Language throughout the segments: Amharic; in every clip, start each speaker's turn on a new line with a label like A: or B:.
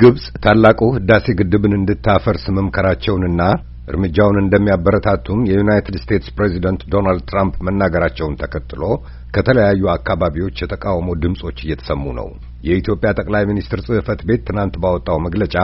A: ግብፅ ታላቁ ህዳሴ ግድብን እንድታፈርስ መምከራቸውንና እርምጃውን እንደሚያበረታቱም የዩናይትድ ስቴትስ ፕሬዚደንት ዶናልድ ትራምፕ መናገራቸውን ተከትሎ ከተለያዩ አካባቢዎች የተቃውሞ ድምጾች እየተሰሙ ነው። የኢትዮጵያ ጠቅላይ ሚኒስትር ጽህፈት ቤት ትናንት ባወጣው መግለጫ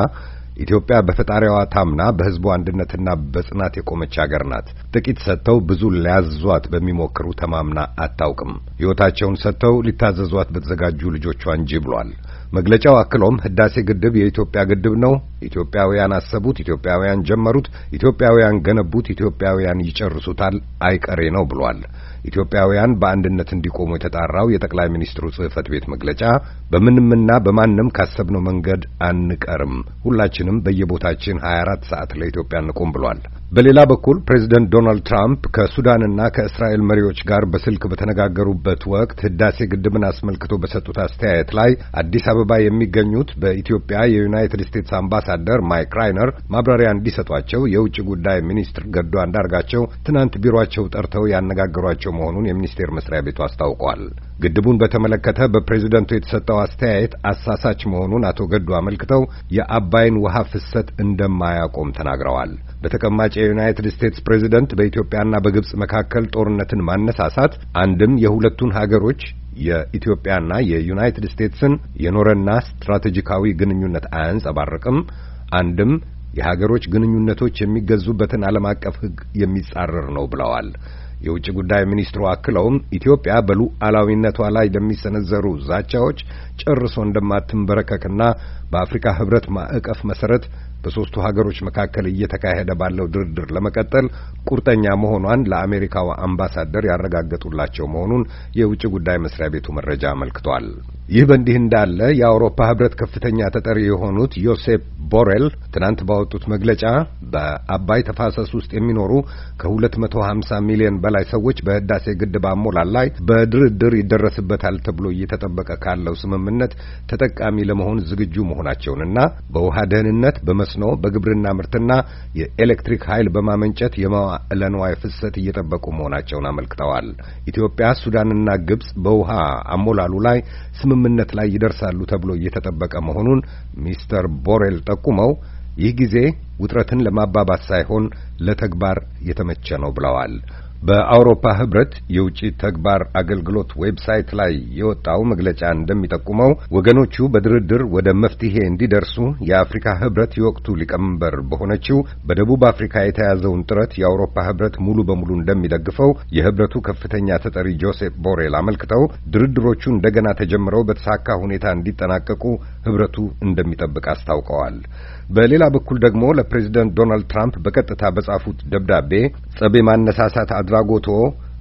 A: ኢትዮጵያ በፈጣሪዋ ታምና በህዝቡ አንድነትና በጽናት የቆመች አገር ናት፣ ጥቂት ሰጥተው ብዙ ሊያዟት በሚሞክሩ ተማምና አታውቅም ሕይወታቸውን ሰጥተው ሊታዘዟት በተዘጋጁ ልጆቿ እንጂ ብሏል። መግለጫው አክሎም ህዳሴ ግድብ የኢትዮጵያ ግድብ ነው። ኢትዮጵያውያን አሰቡት፣ ኢትዮጵያውያን ጀመሩት፣ ኢትዮጵያውያን ገነቡት፣ ኢትዮጵያውያን ይጨርሱታል፣ አይቀሬ ነው ብሏል። ኢትዮጵያውያን በአንድነት እንዲቆሙ የተጣራው የጠቅላይ ሚኒስትሩ ጽህፈት ቤት መግለጫ በምንምና በማንም ካሰብነው መንገድ አንቀርም፣ ሁላችንም በየቦታችን 24 ሰዓት ለኢትዮጵያ እንቁም ብሏል። በሌላ በኩል ፕሬዚደንት ዶናልድ ትራምፕ ከሱዳንና ከእስራኤል መሪዎች ጋር በስልክ በተነጋገሩበት በነበሩበት ወቅት ህዳሴ ግድብን አስመልክቶ በሰጡት አስተያየት ላይ አዲስ አበባ የሚገኙት በኢትዮጵያ የዩናይትድ ስቴትስ አምባሳደር ማይክ ራይነር ማብራሪያ እንዲሰጧቸው የውጭ ጉዳይ ሚኒስትር ገዱ አንዳርጋቸው ትናንት ቢሮቸው ጠርተው ያነጋገሯቸው መሆኑን የሚኒስቴር መስሪያ ቤቱ አስታውቋል። ግድቡን በተመለከተ በፕሬዝደንቱ የተሰጠው አስተያየት አሳሳች መሆኑን አቶ ገዱ አመልክተው የአባይን ውሃ ፍሰት እንደማያቆም ተናግረዋል። በተቀማጭ የዩናይትድ ስቴትስ ፕሬዝደንት በኢትዮጵያና በግብጽ መካከል ጦርነትን ማነሳሳት አንድም የሁለቱን ሀገሮች የኢትዮጵያና የዩናይትድ ስቴትስን የኖረና ስትራቴጂካዊ ግንኙነት አያንጸባርቅም፣ አንድም የሀገሮች ግንኙነቶች የሚገዙበትን ዓለም አቀፍ ሕግ የሚጻረር ነው ብለዋል። የውጭ ጉዳይ ሚኒስትሩ አክለውም ኢትዮጵያ በሉዓላዊነቷ ላይ ለሚሰነዘሩ ዛቻዎች ጨርሶ እንደማትንበረከክና በአፍሪካ ሕብረት ማዕቀፍ መሰረት በሦስቱ ሀገሮች መካከል እየተካሄደ ባለው ድርድር ለመቀጠል ቁርጠኛ መሆኗን ለአሜሪካው አምባሳደር ያረጋገጡላቸው መሆኑን የውጭ ጉዳይ መስሪያ ቤቱ መረጃ አመልክቷል። ይህ በእንዲህ እንዳለ የአውሮፓ ሕብረት ከፍተኛ ተጠሪ የሆኑት ዮሴፕ ቦሬል ትናንት ባወጡት መግለጫ በአባይ ተፋሰስ ውስጥ የሚኖሩ ከ250 ሚሊዮን በላይ ሰዎች በህዳሴ ግድብ አሞላል ላይ በድርድር ይደረስበታል ተብሎ እየተጠበቀ ካለው ስምምነት ተጠቃሚ ለመሆን ዝግጁ መሆናቸውንና በውሃ ደህንነት፣ በመስኖ፣ በግብርና ምርትና የኤሌክትሪክ ኃይል በማመንጨት የመዋዕለ ንዋይ ፍሰት እየጠበቁ መሆናቸውን አመልክተዋል። ኢትዮጵያ፣ ሱዳንና ግብጽ በውሃ አሞላሉ ላይ ስምምነት ላይ ይደርሳሉ ተብሎ እየተጠበቀ መሆኑን ሚስተር ቦሬል ጠቁመው ይህ ጊዜ ውጥረትን ለማባባስ ሳይሆን ለተግባር የተመቸ ነው ብለዋል። በአውሮፓ ህብረት የውጭ ተግባር አገልግሎት ዌብሳይት ላይ የወጣው መግለጫ እንደሚጠቁመው ወገኖቹ በድርድር ወደ መፍትሄ እንዲደርሱ የአፍሪካ ህብረት የወቅቱ ሊቀመንበር በሆነችው በደቡብ አፍሪካ የተያዘውን ጥረት የአውሮፓ ህብረት ሙሉ በሙሉ እንደሚደግፈው የህብረቱ ከፍተኛ ተጠሪ ጆሴፕ ቦሬል አመልክተው ድርድሮቹ እንደገና ተጀምረው በተሳካ ሁኔታ እንዲጠናቀቁ ህብረቱ እንደሚጠብቅ አስታውቀዋል። በሌላ በኩል ደግሞ ለፕሬዚደንት ዶናልድ ትራምፕ በቀጥታ በጻፉት ደብዳቤ ጸቤ ማነሳሳት አድቫ አድራጎቶ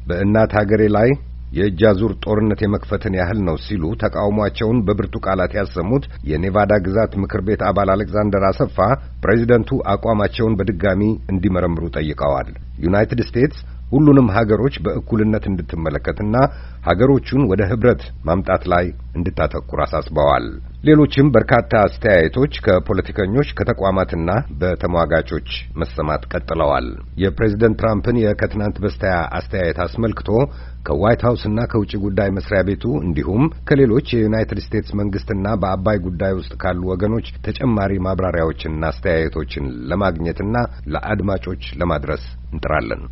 A: በእናት ሀገሬ ላይ የእጅ አዙር ጦርነት የመክፈትን ያህል ነው ሲሉ ተቃውሟቸውን በብርቱ ቃላት ያሰሙት የኔቫዳ ግዛት ምክር ቤት አባል አሌክዛንደር አሰፋ ፕሬዚደንቱ አቋማቸውን በድጋሚ እንዲመረምሩ ጠይቀዋል። ዩናይትድ ስቴትስ ሁሉንም ሀገሮች በእኩልነት እንድትመለከትና ሀገሮቹን ወደ ህብረት ማምጣት ላይ እንድታተኩር አሳስበዋል። ሌሎችም በርካታ አስተያየቶች ከፖለቲከኞች ከተቋማትና በተሟጋቾች መሰማት ቀጥለዋል። የፕሬዝደንት ትራምፕን የከትናንት በስቲያ አስተያየት አስመልክቶ ከዋይት ሀውስና ከውጭ ጉዳይ መስሪያ ቤቱ እንዲሁም ከሌሎች የዩናይትድ ስቴትስ መንግስትና በአባይ ጉዳይ ውስጥ ካሉ ወገኖች ተጨማሪ ማብራሪያዎችንና አስተያየቶችን ለማግኘትና ለአድማጮች ለማድረስ እንጥራለን።